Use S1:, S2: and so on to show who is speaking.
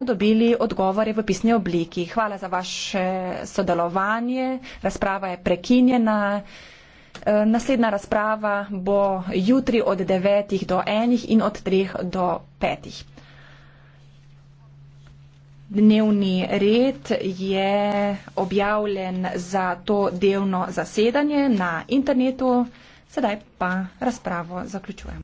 S1: dobili odgovore v pisni obliki. Hvala za vaše sodelovanje. Razprava je prekinjena. E, naslednja razprava bo jutri od 9. do 1. in od 3. do 5. Dnevni red je objavljen za to delno zasedanje na internetu. Sedaj pa razpravo zaključujem.